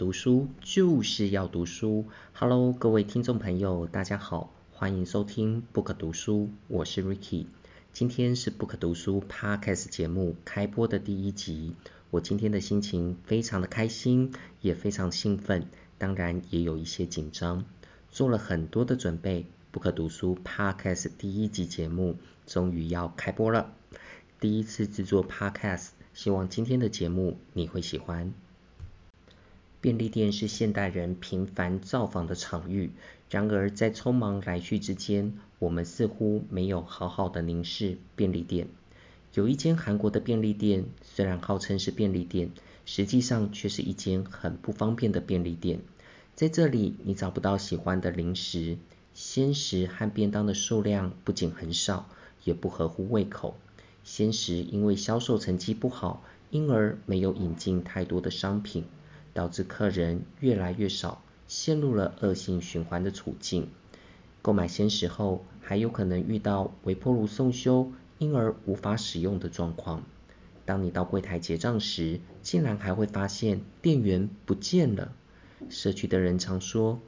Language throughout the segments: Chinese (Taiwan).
讀書就是要讀書。Hello，各位聽眾朋友，大家好，歡迎收聽《Book 讀書》，我是 Ricky。今天是《Book 讀書》Podcast 節目開播的第一集。我今天的心情非常的開心，也非常興奮，當然也有一些緊張。做了很多的準備，《Book 讀書》Podcast 第一集節目終於要開播了。第一次制作 Podcast，希望今天的節目你會喜歡。便利店是現代人頻繁造訪的場域。然而，在匆忙來去之間，我們似乎沒有好好的凝視便利店。有一間韓國的便利店，雖然號稱是便利店，實際上卻是一間很不方便的便利店。在這裡，你找不到喜歡的零食、鮮食和便當的數量不僅很少，也不合乎胃口。鮮食因為銷售成績不好，因而沒有引進太多的商品。導致客人越來越少，陷入了惡性循環的處境。購買鮮食後，還有可能遇到微波爐送修，因而無法使用的狀況。當你到櫃台結賬時，竟然還會發現店員不見了。社區的人常說，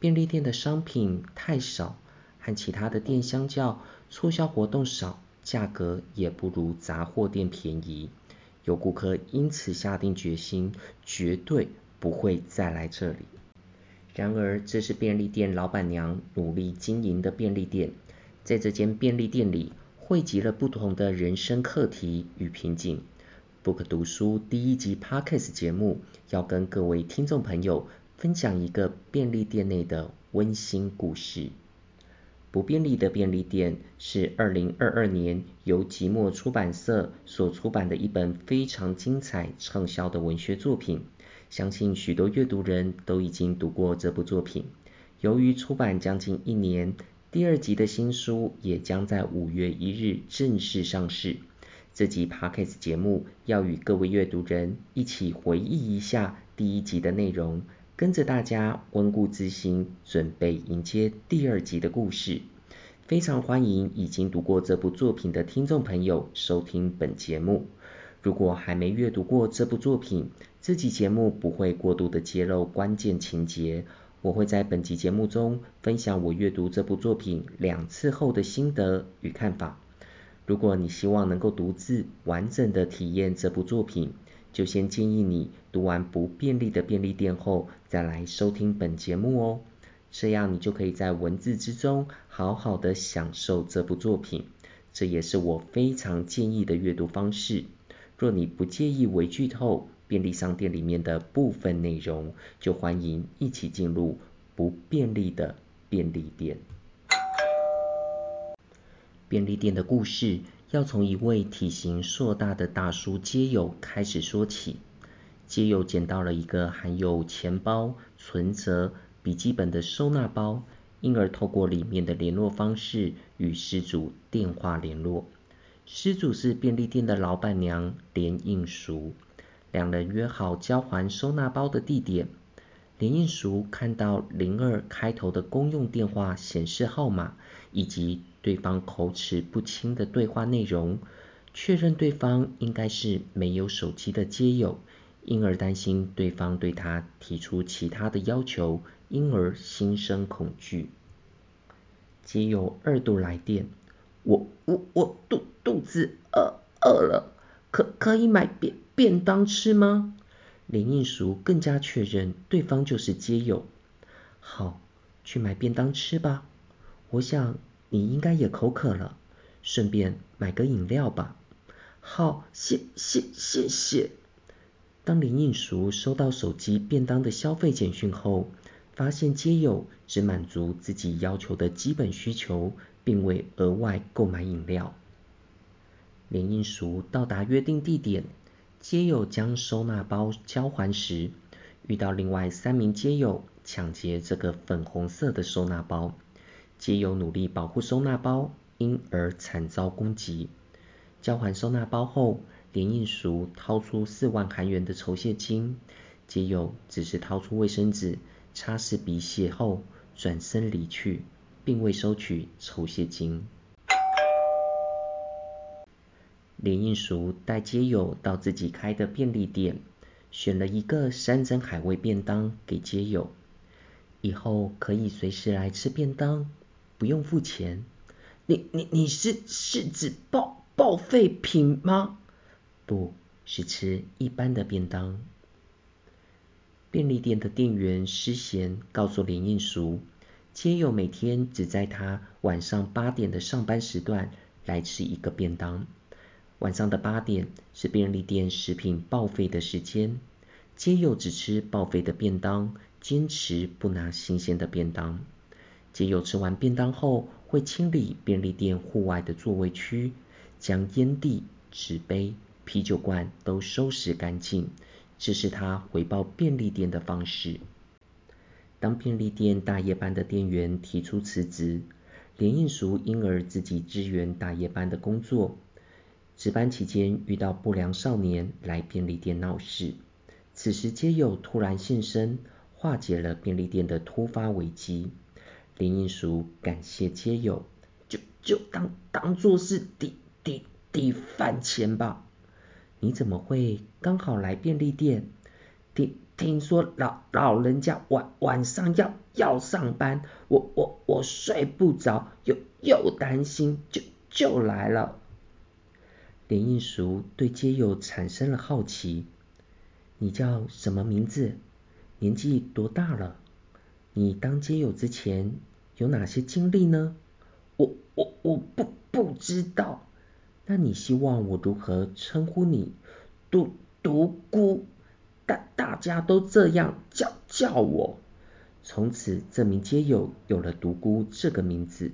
便利店的商品太少，和其他的店相較，促銷活動少，價格也不如雜貨店便宜。有顧客因此下定決心，絕對不會再來這裡。然而，這是便利店老板娘努力經營的便利店，在這間便利店裡匯集了不同的人生課題與瓶頸。Book 讀書第一集 Podcast 節目要跟各位聽眾朋友分享一個便利店內的溫馨故事。不便利的便利店是2022年由即墨出版社所出版的一本非常精彩暢銷的文學作品，相信許多閱讀人都已經讀過這部作品。由於出版將近一年，第二集的新書也將在5月1日正式上市。這集 Podcast 節目要與各位閱讀人一起回憶一下第一集的內容。跟着大家溫故知新，準備迎接第二集的故事。非常歡迎已經讀過這部作品的聽眾朋友收聽本節目。如果還沒閱讀過這部作品，這集節目不會過度的揭露關鍵情節。我會在本集節目中分享我閱讀這部作品兩次後的心得與看法。如果你希望能夠獨自完整的體驗這部作品，就先建議你讀完《不便利的便利店》後再來收聽本節目哦，這樣你就可以在文字之中好好的享受這部作品。這也是我非常建議的閱讀方式。若你不介意微劇透，便利商店裡面的部分內容，就歡迎一起進入《不便利的便利店》。便利店的故事，要從一位體型碩大的大叔街友開始說起。街友撿到了一個含有錢包、存折、筆記本的收納包，因而透過裡面的聯絡方式與失主電話聯絡。失主是便利店的老闆娘廉英淑，兩人約好交還收納包的地點。廉英淑看到零二開頭的公用電話顯示號碼以及對方口齒不清的對話內容，確認對方應該是沒有手機的街友，因而擔心對方對他提出其他的要求，因而心生恐懼。街友二度來電，我我我肚肚子餓餓了，可可以買便便當吃嗎？林應淑更加確認對方就是街友，好，去買便當吃吧。我想你應該也口渴了，順便買個飲料吧。好，謝謝謝謝。當林應淑收到手機便當的消費簡訊後，發現街友只滿足自己要求的基本需求，並未額外購買飲料。林應淑到達約定地點，街友將收納包交還時，遇到另外三名街友搶劫這個粉紅色的收納包。街友努力保護收納包，因而慘遭攻擊。交還收納包後，連印淑掏出四萬韓元的酬謝金，街友只是掏出衛生紙擦拭鼻血後轉身離去，並未收取酬謝金。連印淑帶街友到自己開的便利店，選了一個山珍海味便當給街友，以後可以隨時來吃便當。不用付錢？你、你、你是是指報，報廢品嗎？不是吃一般的便當。便利店的店員施賢告訴林應淑，街友每天只在他晚上八點的上班時段來吃一個便當。晚上的八點是便利店食品報廢的時間，街友只吃報廢的便當，堅持不拿新鮮的便當。街友吃完便當後，會清理便利店戶外的座位區，將煙蒂、紙杯、啤酒罐都收拾乾淨，這是他回報便利店的方式。當便利店大夜班的店員提出辭職，連映淑因而自己支援大夜班的工作。值班期間遇到不良少年來便利店鬧事，此時街友突然現身，化解了便利店的突發危機。林應淑感謝街友，就就當當做是抵抵抵飯錢吧。你怎麼會剛好來便利店？聽聽說老老人家晚晚上要要上班，我我我睡不着，又又擔心，就就來了。林應淑對街友產生了好奇。你叫什麼名字？年紀多大了？你當街友之前？有哪些經歷呢？我我我不不知道。那你希望我如何稱呼你？獨獨孤，但大家都這樣叫叫我。從此，這名街友有了獨孤這個名字。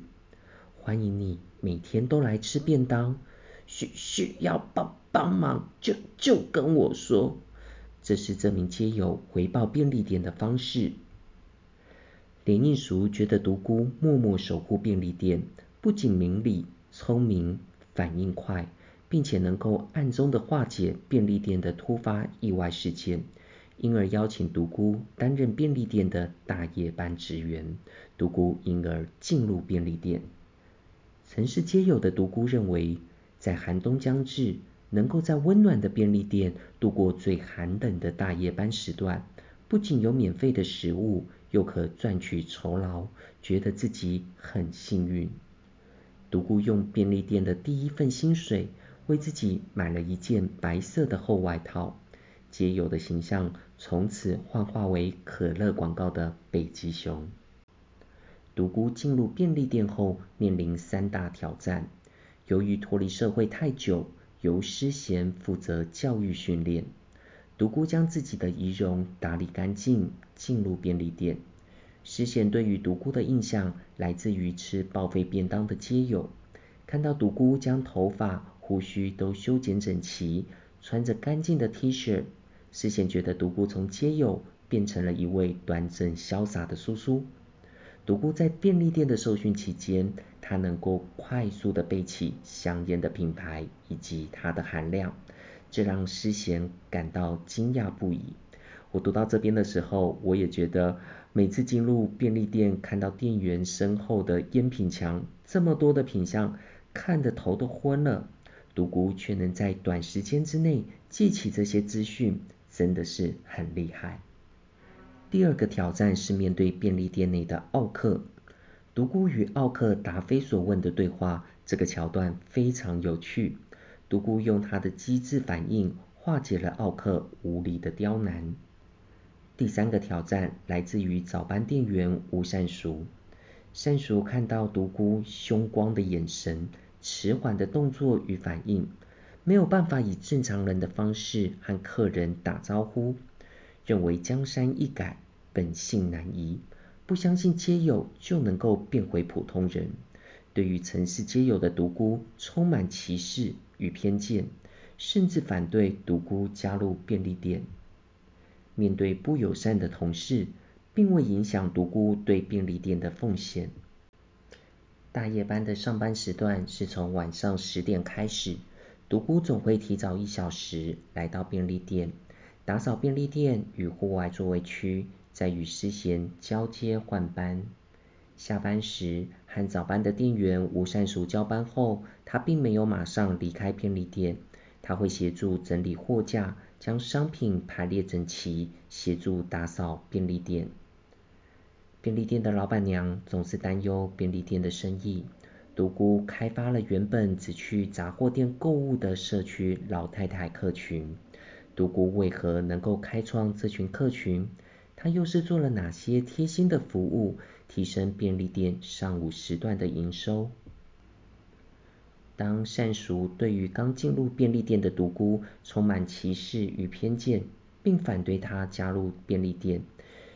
歡迎你每天都來吃便當，需需要幫幫忙就就跟我說。這是這名街友回報便利店的方式。李映淑覺得獨孤默默守護便利店，不僅明理、聰明、反應快，並且能夠暗中的化解便利店的突發意外事件，因而邀請獨孤擔任便利店的大夜班職員。獨孤因而進入便利店。城市街友的獨孤認為，在寒冬將至，能夠在溫暖的便利店度過最寒冷的大夜班時段，不僅有免費的食物。又可賺取酬勞，覺得自己很幸運。獨孤用便利店的第一份薪水，為自己買了一件白色的厚外套，街友的形象從此幻化為可樂廣告的北極熊。獨孤進入便利店後，面臨三大挑戰。由於脫離社會太久，由詩賢負責教育訓練。獨孤將自己的儀容打理乾淨，進入便利店。石賢對於獨孤的印象來自於吃報廢便當的街友，看到獨孤將頭髮、鬍鬚都修剪整齊，穿着乾淨的 T 恤，石賢覺得獨孤從街友變成了一位端正瀟灑的叔叔。獨孤在便利店的受訓期間，他能夠快速的背起香煙的品牌以及它的含量。這讓詩賢感到驚訝不已。我讀到這邊的時候，我也覺得每次進入便利店看到店員身後的煙品牆，這麼多的品項，看得頭都昏了。獨孤卻能在短時間之內記起這些資訊，真的是很厲害。第二個挑戰是面對便利店內的奧客，獨孤與奧客答非所問的對話，這個橋段非常有趣。獨孤用他的機智反應化解了奧客無理的刁難。第三個挑戰來自於早班店員吳善熟。善熟看到獨孤凶光的眼神、遲緩的動作與反應，沒有辦法以正常人的方式和客人打招呼，認為江山易改，本性難移，不相信街友就能夠變回普通人。對於城市街友的獨孤充滿歧視與偏見，甚至反對獨孤加入便利店。面對不友善的同事，並未影響獨孤對便利店的奉獻。大夜班的上班時段是從晚上十點開始，獨孤總會提早一小時來到便利店，打掃便利店與戶外座位區，再與詩賢交接換班。下班時和早班的店員吳善淑交班後，他並沒有馬上離開便利店。他會協助整理貨架，將商品排列整齊，協助打掃便利店。便利店的老闆娘總是擔憂便利店的生意。獨孤開發了原本只去雜貨店購物的社區老太太客群。獨孤為何能夠開創這群客群？他又是做了哪些貼心的服務？提升便利店上午時段的營收。當善俗對於剛進入便利店的獨孤充滿歧視與偏見，並反對他加入便利店。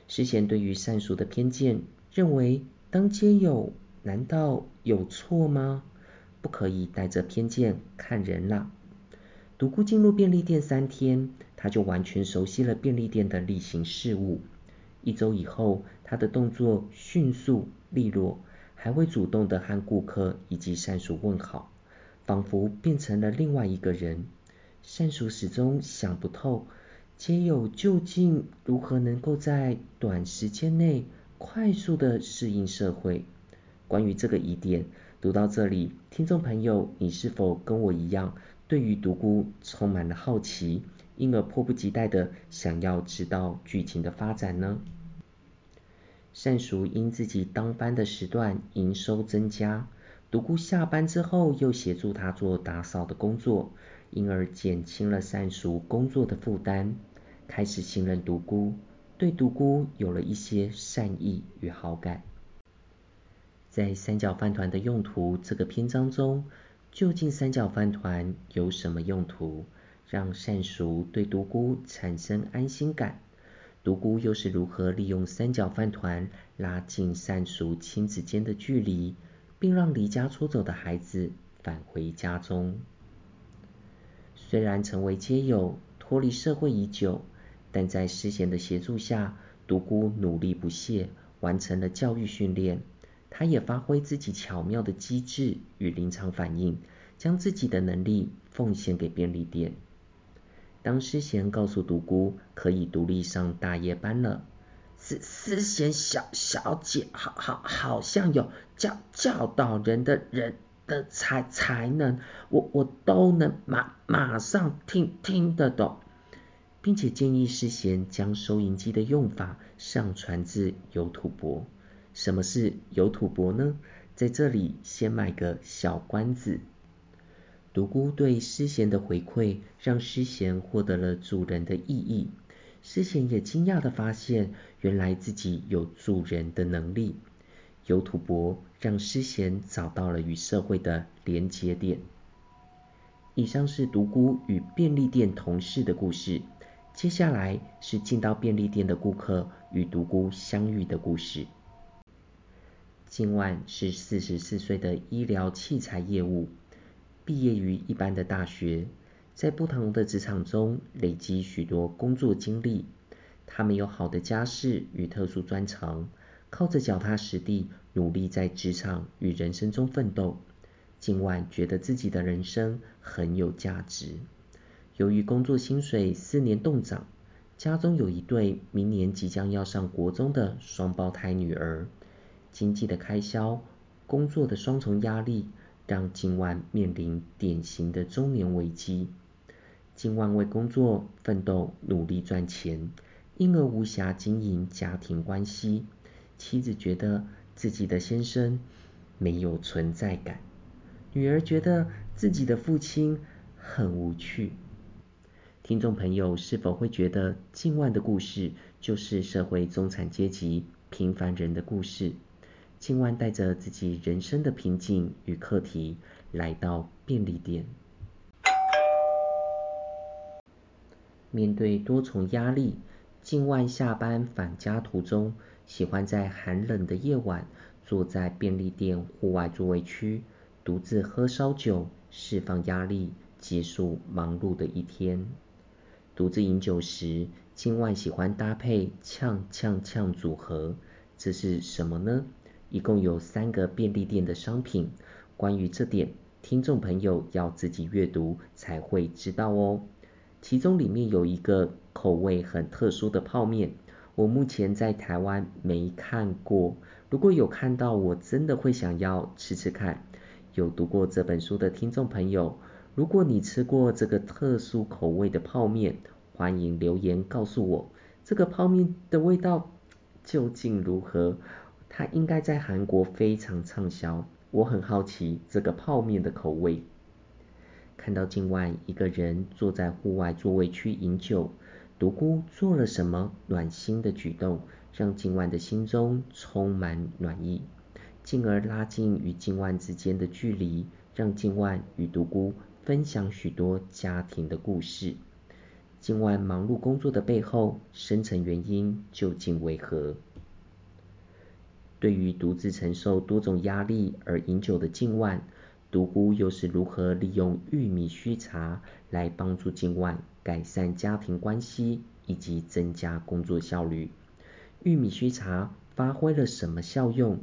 詩賢對於善俗的偏見，認為當街友難道有錯嗎？不可以帶着偏見看人啦。獨孤進入便利店三天，他就完全熟悉了便利店的例行事務。一周以後。他的動作迅速利落，還會主動的和顧客以及善叔問好，仿佛變成了另外一個人。善叔始終想不透，街友究竟如何能夠在短時間內快速的適應社會。關於這個疑點，讀到這裡，聽眾朋友，你是否跟我一樣，對於獨孤充滿了好奇，因而迫不及待的想要知道劇情的發展呢？善叔因自己當班的時段營收增加，獨孤下班之後又協助他做打掃的工作，因而減輕了善叔工作的負擔，開始信任獨孤，對獨孤有了一些善意與好感。在三角飯糰的用途這個篇章中，究竟三角飯糰有什麼用途，讓善叔對獨孤產生安心感？獨孤又是如何利用三角飯糰拉近善淑親子間的距離，並讓離家出走的孩子返回家中？雖然成為街友，脫離社會已久，但在詩賢的協助下，獨孤努力不懈，完成了教育訓練。他也發揮自己巧妙的機智與臨場反應，將自己的能力奉獻給便利店。當詩賢告訴獨孤可以獨立上大夜班了，是詩，詩賢小小姐好，好，好像有教教導人的人的才才能，我我都能馬馬上聽聽得懂，並且建議詩賢將收銀機的用法上傳至 YouTube。什麼是 YouTube 呢？在這裡先賣個小關子。獨孤對詩賢的回饋，讓詩賢獲得了助人的意義。詩賢也驚訝的發現，原來自己有助人的能力。有土博讓詩賢找到了與社會的連接點。以上是獨孤與便利店同事的故事。接下來是進到便利店的顧客與獨孤相遇的故事。今晚是四十四歲的醫療器材業務。畢業於一般的大學，在不同的職場中累積許多工作經歷。他們有好的家世與特殊專長，靠着腳踏實地努力在職場與人生中奮鬥。今晚覺得自己的人生很有價值。由於工作薪水四年凍漲，家中有一對明年即將要上國中的雙胞胎女兒，經濟的開銷、工作的雙重壓力。當靖萬面臨典型的中年危機。靖萬為工作奮鬥、努力賺錢，因而無暇經營家庭關係。妻子覺得自己的先生沒有存在感，女兒覺得自己的父親很無趣。聽眾朋友是否會覺得靖萬的故事就是社會中產階級平凡人的故事？靖萬帶着自己人生的瓶頸與課題來到便利店。面對多重壓力，靖萬下班返家途中，喜歡在寒冷的夜晚坐在便利店戶外座位區，獨自喝燒酒，釋放壓力，結束忙碌的一天。獨自飲酒時，靖萬喜歡搭配嗆嗆嗆組合，這是什麼呢？一共有三個便利店的商品，關於這點，聽眾朋友要自己閱讀才會知道哦。其中裡面有一個口味很特殊的泡麵，我目前在台灣沒看過。如果有看到，我真的會想要吃吃看。有讀過這本書的聽眾朋友，如果你吃過這個特殊口味的泡麵，歡迎留言告訴我這個泡麵的味道究竟如何。它應該在韓國非常暢銷。我很好奇這個泡面的口味。看到靜萬一個人坐在戶外座位區飲酒，獨孤做了什麼暖心的舉動，讓靜萬的心中充滿暖意，進而拉近與靜萬之間的距離，讓靜萬與獨孤分享許多家庭的故事。靜萬忙碌工作的背後，深層原因究竟為何？對於獨自承受多種壓力而飲酒的敬萬，獨孤又是如何利用玉米須茶來幫助敬萬改善家庭關係以及增加工作效率？玉米須茶發揮了什麼效用？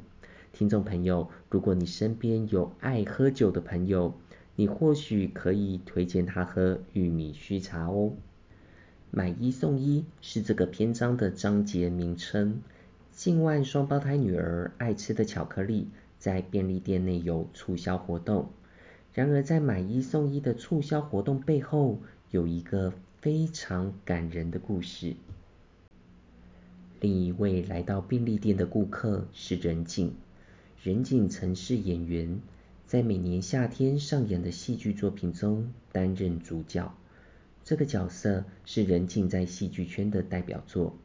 聽眾朋友，如果你身邊有愛喝酒的朋友，你或許可以推薦他喝玉米須茶哦。買一送一是這個篇章的章節名稱。近萬雙胞胎女兒愛吃的巧克力，在便利店內有促銷活動。然而，在買一送一的促銷活動背後，有一個非常感人的故事。另一位來到便利店的顧客是任靜，任靜曾是演員，在每年夏天上演的戲劇作品中擔任主角。這個角色是任靜在戲劇圈的代表作。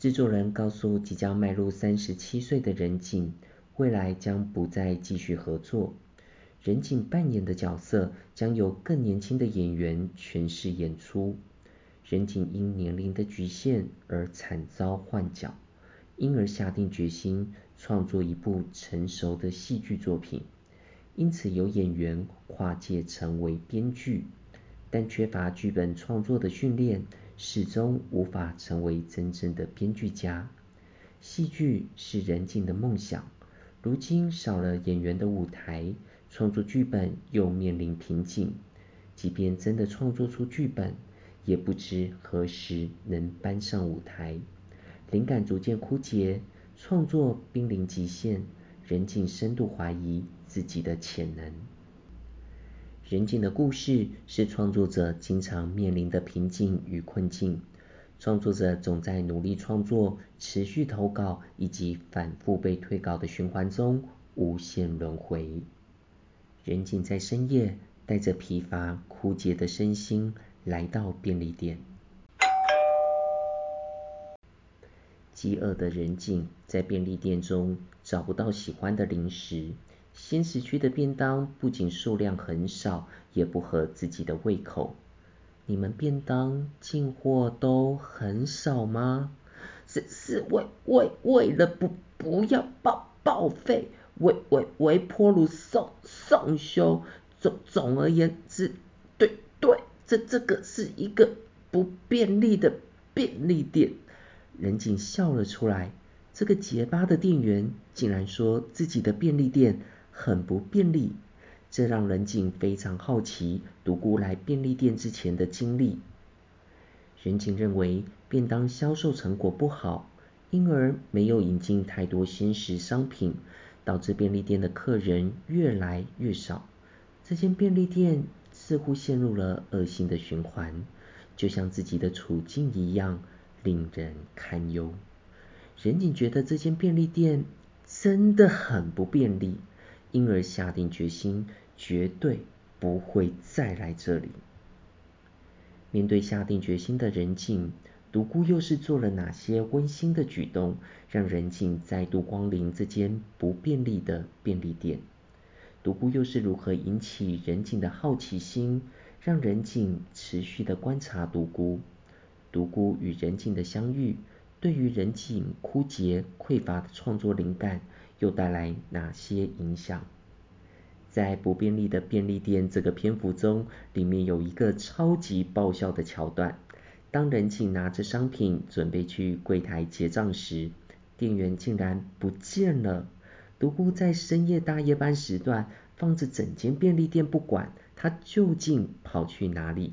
製作人告訴即將邁入三十七歲的任景，未來將不再繼續合作。任景扮演的角色將由更年輕的演員詮釋演出。任景因年齡的局限而慘遭換角，因而下定決心創作一部成熟的戲劇作品。因此，由演員跨界成為編劇，但缺乏劇本創作的訓練，始終無法成為真正的編劇家。戲劇是任靜的夢想，如今少了演員的舞台，創作劇本又面臨瓶頸。即便真的創作出劇本，也不知何時能搬上舞台。靈感逐漸枯竭，竭，創作瀕臨極限，任靜深度懷疑自己的潛能。仁慶的故事是創作者經常面臨的瓶頸與困境。創作者總在努力創作、持續投稿以及反覆被退稿的循環中無限輪回。仁慶在深夜帶着疲乏、枯竭的身心來到便利店。飢餓的仁慶在便利店中找不到喜歡的零食。新市區的便當不僅數量很少，也不合自己的胃口。你們便當進貨都很少嗎？只是為為為了不不要報報廢，為為為微波爐送送修。總總而言之，對對，這這個是一個不便利的便利店。人警笑了出來，這個結巴的店員竟然說自己的便利店。很不便利，這讓任景非常好奇獨孤來便利店之前的經歷。任景認為便當銷售成果不好，因而沒有引進太多鮮食商品，導致便利店的客人越來越少。這間便利店似乎陷入了惡性的循環，就像自己的處境一樣，令人堪憂。任景覺得這間便利店真的很不便利。因而下定決心，絕對不會再來這裡。面對下定決心的仁景，獨孤又是做了哪些溫馨的舉動，讓仁景再度光臨這間不便利的便利店？獨孤又是如何引起仁景的好奇心，讓仁景持續的觀察獨孤？獨孤與仁景的相遇，對於仁景枯竭匱乏的創作靈感。又帶來哪些影響？在不便利的便利店這個篇幅中，裡面有一個超級爆笑的橋段：當人請拿着商品準備去櫃台結賬時，店員竟然不見了。獨孤在深夜大夜班時段，放着整間便利店不管，他究竟跑去哪裡？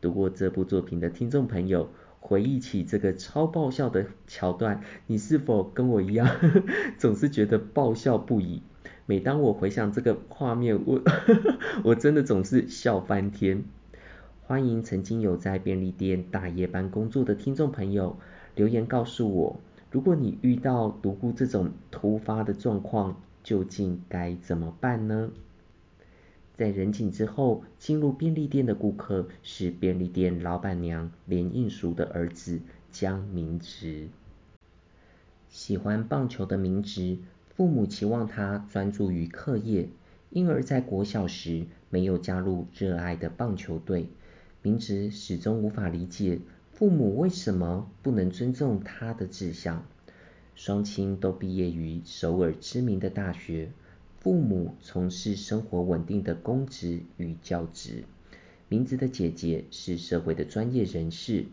讀過這部作品的聽眾朋友。回憶起這個超爆笑的橋段，你是否跟我一樣，呵呵總是覺得爆笑不已？每當我回想這個畫面，我呵呵我真的總是笑翻天。歡迎曾經有在便利店大夜班工作的聽眾朋友留言告訴我，如果你遇到獨孤這種突發的狀況，究竟該怎麼辦呢？在人景之後進入便利店的顧客是便利店老闆娘廉映淑的兒子姜明植。喜歡棒球的明植，父母期望他專注於課業，因而，在國小時沒有加入熱愛的棒球隊。明植始終無法理解父母為什麼不能尊重他的志向。雙親都畢業於首爾知名的大學。父母從事生活穩定的公職與教職，明子的姐姐是社會的專業人士。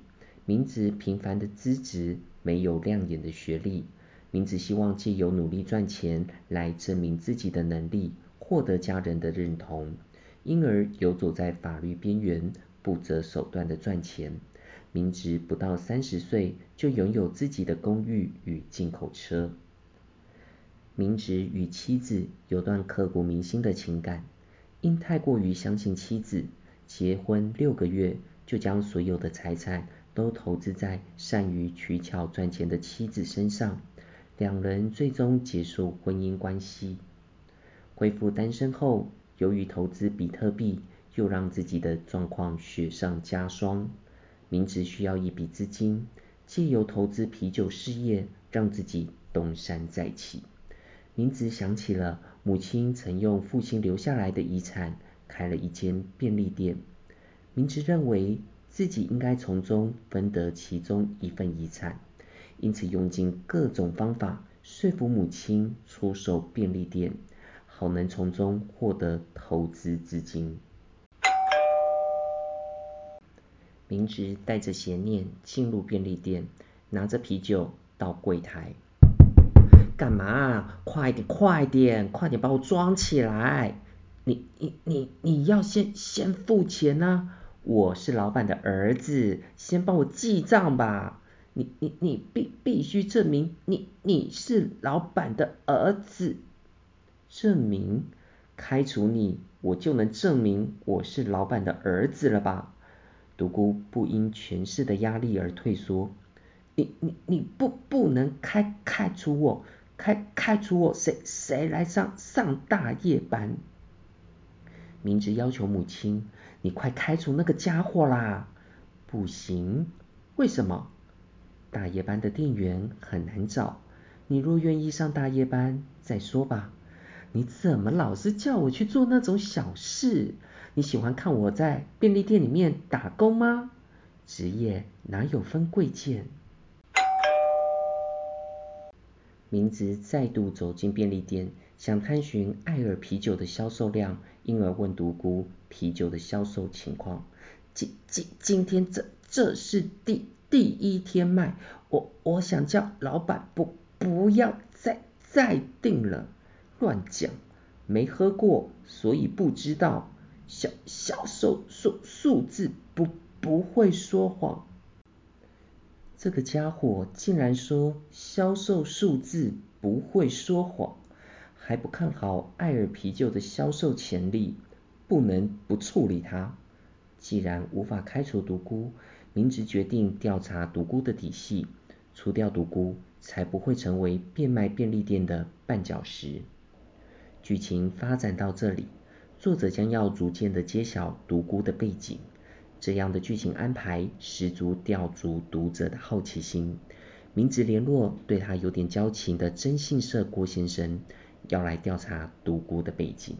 明子平凡的資質，沒有亮眼的學歷。明子希望借由努力賺錢來證明自己的能力，獲得家人的認同，因而遊走在法律邊緣，不擇手段的賺錢。明子不到三十歲就擁有自己的公寓與進口車。明植與妻子有段刻骨銘心的情感，因太過於相信妻子，結婚六個月就將所有的財產都投資在善於取巧賺錢的妻子身上，兩人最終結束婚姻關係。恢復單身後，由於投資比特幣又讓自己的狀況雪上加霜。明植需要一筆資金，借由投資啤酒事業讓自己東山再起。明植想起了母親曾用父親留下來的遺產開了一間便利店，明植認為自己應該從中分得其中一份遺產，因此用盡各種方法說服母親出售便利店，好能從中獲得投資資金。明植帶着邪念進入便利店，拿着啤酒到櫃檯。幹嘛？快點，快點，快點，把我裝起來！你、你、你、你要先先付錢呢、啊？我是老闆的兒子，先幫我記賬吧。你、你、你必必須證明你你是老闆的兒子。證明？開除你，我就能證明我是老闆的兒子了吧？獨孤不因權勢的壓力而退縮。你、你、你不不能開開除我。開開除我誰，誰誰來上上大夜班？明直要求母親，你快開除那個家伙啦！不行，為什麼？大夜班的店員很難找，你若願意上大夜班，再說吧。你怎麼老是叫我去做那種小事？你喜歡看我在便利店裡面打工嗎？職業哪有分貴賤？明子再度走進便利店，想探尋愛爾啤酒的銷售量，因而問獨孤啤酒的銷售情況。今今今天這這是第第一天賣，我我想叫老闆不不要再再訂了。亂講，沒喝過，所以不知道銷銷售數數字不不會說謊。這個家伙竟然說銷售數字不會說謊，還不看好艾爾啤酒的銷售潛力，不能不處理他。既然無法開除獨孤，閔植決定調查獨孤的底細，除掉獨孤，才不會成為變賣便利店的絆腳石。劇情發展到這裡，作者將要逐漸的揭曉獨孤的背景。這樣的劇情安排十足吊足讀者的好奇心。明直聯絡對他有點交情的徵信社郭先生，要來調查獨孤的背景。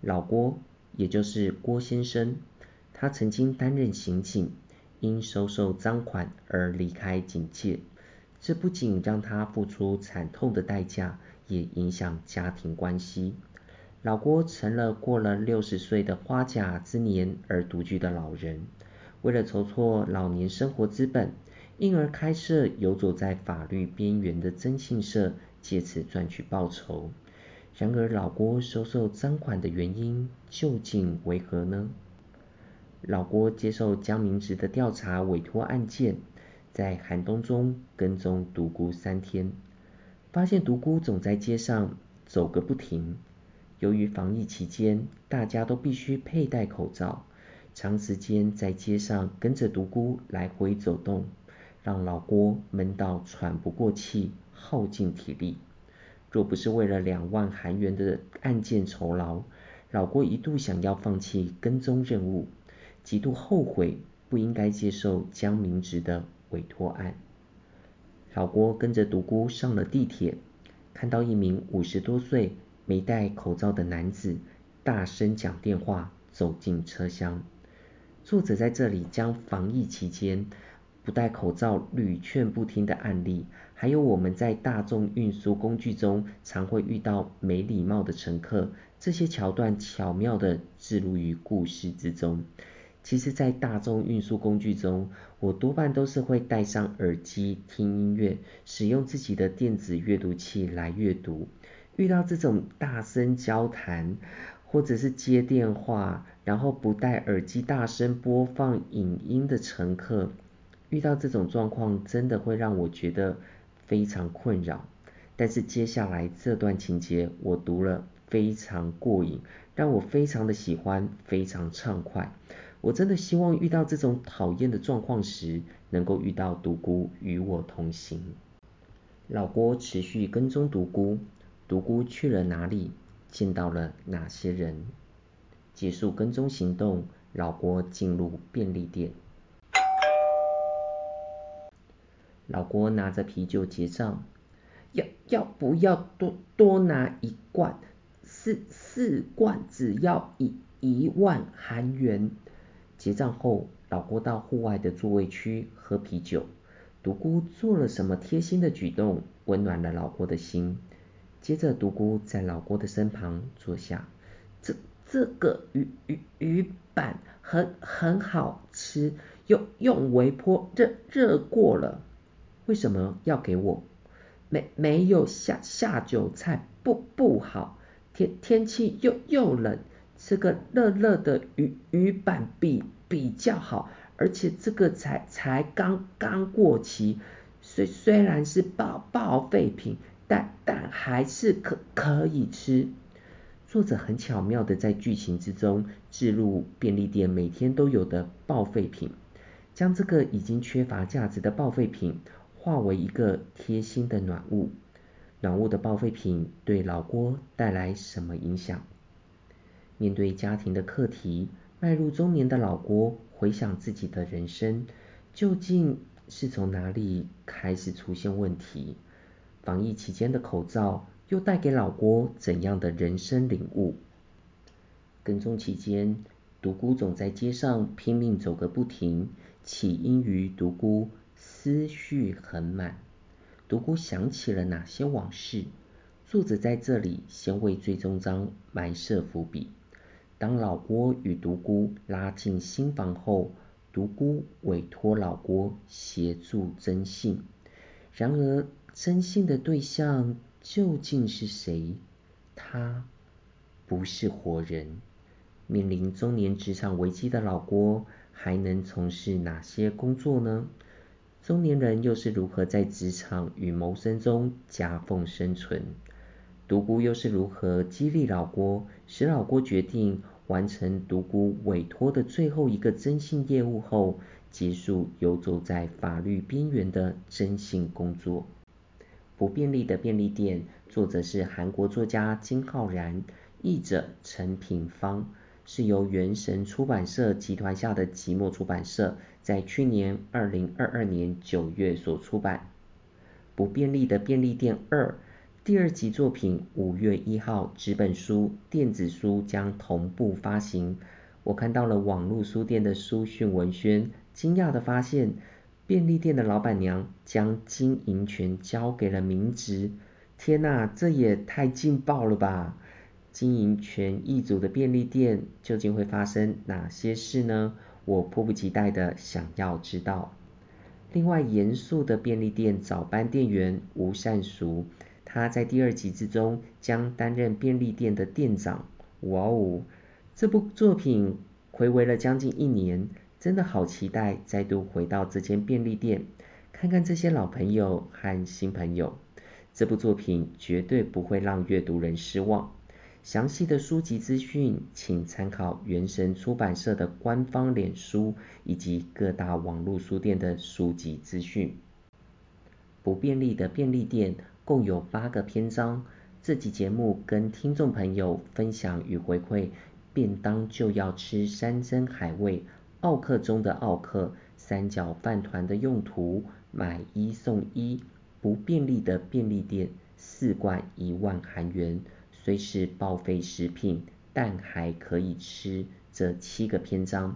老郭，也就是郭先生，他曾經擔任刑警，因收受贓款而離開警界。這不僅讓他付出慘痛的代價，也影響家庭關係。老郭成了過了六十歲的花甲之年而獨居的老人，為了籌措老年生活資本，因而開設遊走在法律邊緣的徵信社，借此賺取報酬。然而，老郭收受贓款的原因究竟為何呢？老郭接受姜明植的調查委托案件，在寒冬中跟蹤獨孤三天，發現獨孤總在街上走個不停。由於防疫期間，大家都必須佩戴口罩，長時間在街上跟着獨孤來回走動，讓老郭悶到喘不過氣，耗盡體力。若不是為了兩萬韓元的案件酬勞，老郭一度想要放棄跟蹤任務，極度後悔不應該接受姜明植的委託案。老郭跟着獨孤上了地鐵，看到一名五十多歲。沒戴口罩的男子大聲講電話走進車廂。作者在這裡將防疫期間不戴口罩屢勸不聽的案例，還有我們在大眾運輸工具中常會遇到沒禮貌的乘客，這些橋段巧妙地置入於故事之中。其實，在大眾運輸工具中，我多半都是會戴上耳機聽音樂，使用自己的電子閱讀器來閱讀。遇到這種大聲交談，或者是接電話，然後不戴耳機大聲播放影音的乘客，遇到這種狀況，真的會讓我覺得非常困擾。但是接下來這段情節，我讀了非常過癮，讓我非常的喜歡，非常暢快。我真的希望遇到這種討厭的狀況時，能夠遇到獨孤與我同行。老郭持續跟蹤獨孤。獨孤去了哪裡？見到了哪些人？結束跟蹤行動，老郭進入便利店。 老郭拿着啤酒結賬，要要不要多多拿一罐？四四罐只要一一萬韓元。結賬後，老郭到戶外的座位區喝啤酒。獨孤做了什麼貼心的舉動，溫暖了老郭的心。接着，獨孤在老郭的身旁坐下。這這個魚魚魚板很很好吃，又用微波熱熱過了。為什麼要給我？沒沒有下下酒菜不不好。天天氣又又冷，吃個熱熱的魚魚板比比較好，而且這個才才剛剛過期，雖雖然是報報廢品。但，但還是可可以吃。作者很巧妙的在劇情之中置入便利店每天都有的報廢品，將這個已經缺乏價值的報廢品化為一個貼心的暖物。暖物的報廢品對老郭帶來什麼影響？面對家庭的課題，邁入中年的老郭回想自己的人生，究竟是從哪裡開始出現問題？防疫期間的口罩又帶給老郭怎樣的人生領悟？跟蹤期間，獨孤總在街上拼命走個不停，起因於獨孤思緒很滿。獨孤想起了哪些往事？作者在這裡先為最終章埋設伏筆。當老郭與獨孤拉近新房後，獨孤委託老郭協助徵信，然而。徵信的對象究竟是誰？他不是活人。面臨中年職場危機的老郭，還能從事哪些工作呢？中年人又是如何在職場與謀生中夾縫生存？獨孤又是如何激勵老郭，使老郭決定完成獨孤委托的最後一個徵信業務後，結束遊走在法律邊緣的徵信工作？不便利的便利店，作者是韓國作家金浩然，譯者陳品芳，是由圓神出版社集團下的寂寞出版社在去年二零二二年九月所出版。不便利的便利店二第二集作品五月一號，紙本書、電子書將同步發行。我看到了網絡書店的書訊文宣，驚訝地發現。便利店的老闆娘將經營權交給了明植。天吶，這也太勁爆了吧！經營權易主的便利店究竟會發生哪些事呢？我迫不及待地想要知道。另外，嚴肅的便利店早班店員吳善淑，他在第二集之中將擔任便利店的店長。哇哦！這部作品回味了將近一年。真的好期待再度回到這間便利店，看看這些老朋友和新朋友。這部作品絕對不會讓閱讀人失望。詳細的書籍資訊，請參考圓神出版社的官方臉書以及各大網絡書店的書籍資訊。不便利的便利店共有八個篇章。這集節目跟聽眾朋友分享與回饋，便當就要吃山珍海味。澳客中的澳客三角飯糰的用途，買一送一，不便利的便利店，四罐一萬韓元，雖是報廢食品，但還可以吃。這七個篇章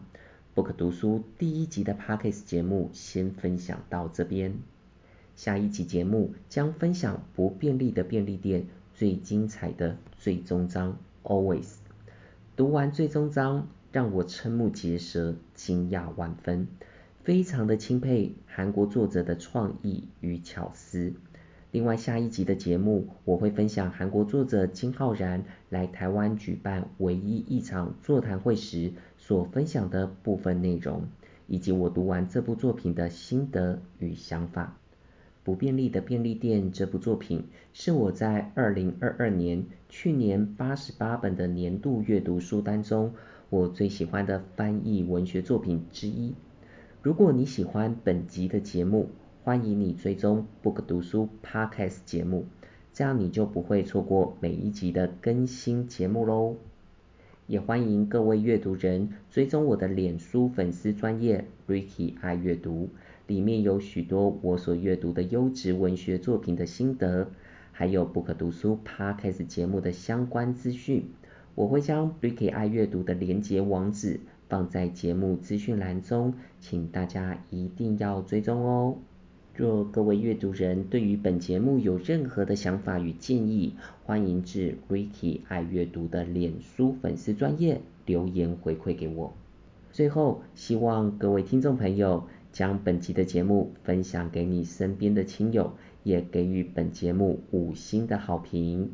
，Book 讀書第一集的 Podcast 節目先分享到這邊，下一集節目將分享不便利的便利店最精彩的最終章 Always。讀完最終章。讓我瞠目結舌，驚訝萬分，非常的欽佩韓國作者的創意與巧思。另外，下一集的節目我會分享韓國作者金浩然來台灣舉辦唯一一場座談會時所分享的部分內容，以及我讀完這部作品的心得與想法。不便利的便利店這部作品是我在二零二二年去年八十八本的年度閱讀書單中。我最喜歡的翻譯文學作品之一。如果你喜歡本集的節目，歡迎你追蹤 Book 讀書 Podcast 節目，這樣你就不會錯過每一集的更新節目嘍。也歡迎各位閱讀人追蹤我的臉書粉絲專頁 Ricky 愛閱讀，裡面有許多我所閱讀的優質文學作品的心得，還有 Book 讀書 Podcast 節目的相關資訊。我會將 Ricky 愛閱讀的連結網址放在節目資訊欄中，請大家一定要追蹤哦。若各位閱讀人對於本節目有任何的想法與建議，歡迎至 Ricky 愛閱讀的臉書粉絲專頁留言回饋給我。最後，希望各位聽眾朋友將本集的節目分享給你身邊的親友，也給予本節目五星的好評。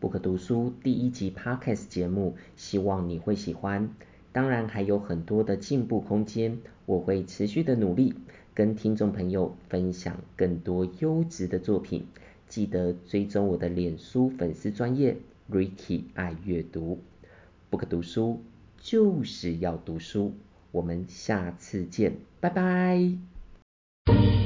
Book 讀書第一集 Podcast 節目，希望你會喜歡。當然還有很多的進步空間，我會持續的努力，跟聽眾朋友分享更多優質的作品。記得追蹤我的臉書粉絲專頁 Ricky 愛閱讀，Book 讀書就是要讀書。我們下次見，拜拜。嗯